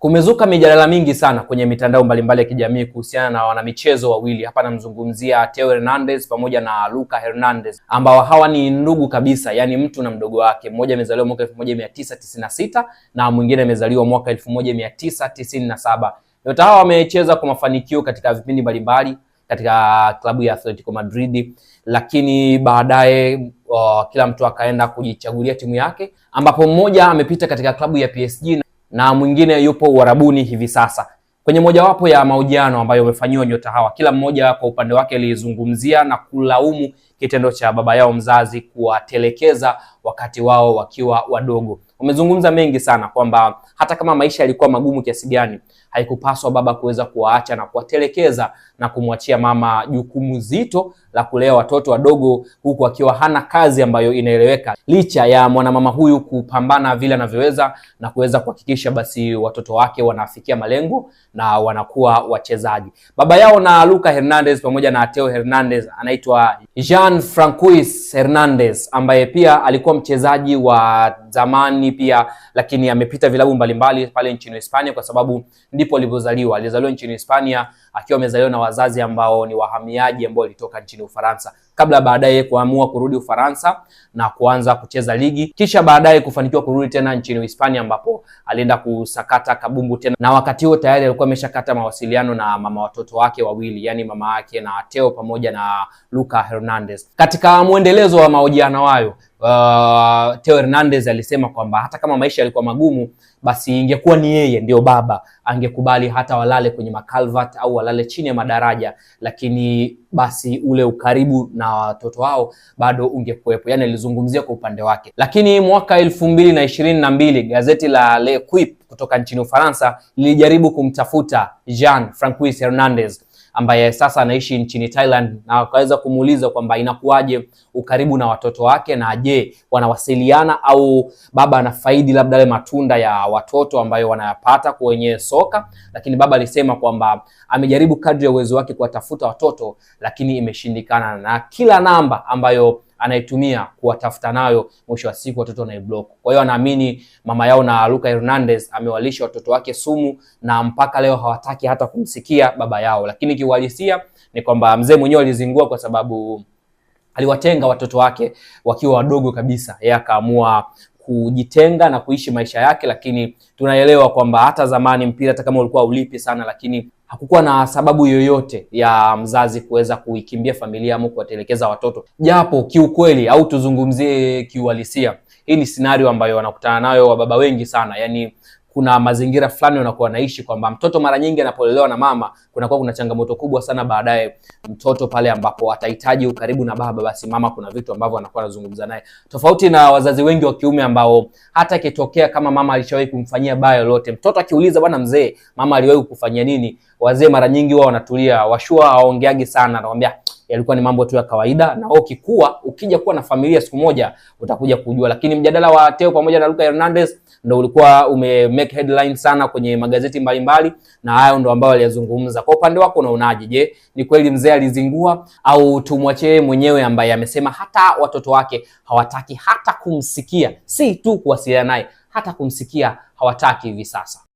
Kumezuka mijadala mingi sana kwenye mitandao mbalimbali ya kijamii kuhusiana na wanamichezo wawili hapa, namzungumzia Theo Hernandez pamoja na Luka Hernandez ambao hawa ni ndugu kabisa, yani mtu na mdogo wake. Mmoja amezaliwa mwaka 1996 na mwingine amezaliwa mwaka 1997. Nyota hawa wamecheza kwa mafanikio katika vipindi mbalimbali katika klabu ya Atletico Madrid, lakini baadaye uh, kila mtu akaenda kujichagulia timu yake, ambapo mmoja amepita katika klabu ya PSG na mwingine yupo uharabuni hivi sasa. Kwenye mojawapo ya mahojiano ambayo wamefanyiwa nyota hawa, kila mmoja kwa upande wake alizungumzia na kulaumu kitendo cha baba yao mzazi kuwatelekeza wakati wao wakiwa wadogo. Umezungumza mengi sana kwamba hata kama maisha yalikuwa magumu kiasi gani, haikupaswa baba kuweza kuwaacha na kuwatelekeza na kumwachia mama jukumu zito la kulea watoto wadogo, huku akiwa hana kazi ambayo inaeleweka, licha ya mwanamama huyu kupambana vile anavyoweza na kuweza kuhakikisha basi watoto wake wanafikia malengo na wanakuwa wachezaji. Baba yao na Luka Hernandez pamoja na Teo Hernandez anaitwa Jean Francois Hernandez ambaye pia alikuwa mchezaji wa zamani lakini pia, lakini amepita vilabu mbalimbali pale nchini Hispania kwa sababu ndipo alipozaliwa. Alizaliwa nchini Hispania akiwa amezaliwa na wazazi ambao ni wahamiaji ambao walitoka nchini Ufaransa, kabla baadaye kuamua kurudi Ufaransa na kuanza kucheza ligi, kisha baadaye kufanikiwa kurudi tena nchini Hispania ambapo alienda kusakata kabumbu tena, na wakati huo tayari alikuwa ameshakata mawasiliano na mama watoto wake wawili, yani mama yake na Teo pamoja na Luka Hernandez. Katika mwendelezo wa mahojiano hayo uh, Theo Hernandez alisema kwamba hata kama maisha yalikuwa magumu, basi ingekuwa ni yeye ndio baba angekubali hata walale kwenye makalvat au walale chini ya madaraja, lakini basi ule ukaribu na watoto wao bado ungekuwepo. Yani alizungumzia kwa upande wake, lakini mwaka elfu mbili na ishirini na mbili gazeti la L'Equipe kutoka nchini Ufaransa lilijaribu kumtafuta Jean Francois Hernandez ambaye sasa anaishi nchini Thailand, na wakaweza kumuuliza kwamba inakuwaje ukaribu na watoto wake, na je, wanawasiliana au baba anafaidi labda yale matunda ya watoto ambayo wanayapata kwenye soka. Lakini baba alisema kwamba amejaribu kadri ya uwezo wake kuwatafuta watoto, lakini imeshindikana, na kila namba ambayo anaitumia kuwatafuta nayo, mwisho wa siku watoto wanaiblock. Kwa hiyo anaamini mama yao na Luka Hernandez amewalisha watoto wake sumu, na mpaka leo hawataki hata kumsikia baba yao, lakini kiuhalisia ni kwamba mzee mwenyewe alizingua kwa sababu aliwatenga watoto wake wakiwa wadogo kabisa, yeye akaamua kujitenga na kuishi maisha yake, lakini tunaelewa kwamba hata zamani mpira hata kama ulikuwa ulipi sana, lakini hakukuwa na sababu yoyote ya mzazi kuweza kuikimbia familia ama kuwatelekeza watoto, japo kiukweli au tuzungumzie kiuhalisia, hii ni scenario ambayo wanakutana nayo wababa wengi sana, yani kuna mazingira fulani wanakuwa wanaishi, kwamba mtoto mara nyingi anapolelewa na mama kunakuwa kuna changamoto kubwa sana baadaye. Mtoto pale ambapo atahitaji ukaribu na baba, basi mama kuna vitu ambavyo anakuwa anazungumza naye, tofauti na wazazi wengi wa kiume ambao hata ikitokea kama mama alishawahi kumfanyia baya lolote, mtoto akiuliza, bwana mzee, mama aliwahi kukufanyia nini? Wazee mara nyingi wao wanatulia, washua hawaongeagi sana, anakwambia yalikuwa ni mambo tu ya kawaida, na wewe ukikua, ukija kuwa na familia siku moja utakuja kujua. Lakini mjadala wa teo pamoja na Luka Hernandez ndio ulikuwa ume make headline sana kwenye magazeti mbalimbali, na hayo ndo ambayo aliyazungumza. Kwa upande wako unaonaje? Je, ni kweli mzee alizingua au tumwache mwenyewe ambaye amesema hata watoto wake hawataki hata kumsikia, si tu kuwasiliana naye, hata kumsikia hawataki hivi sasa?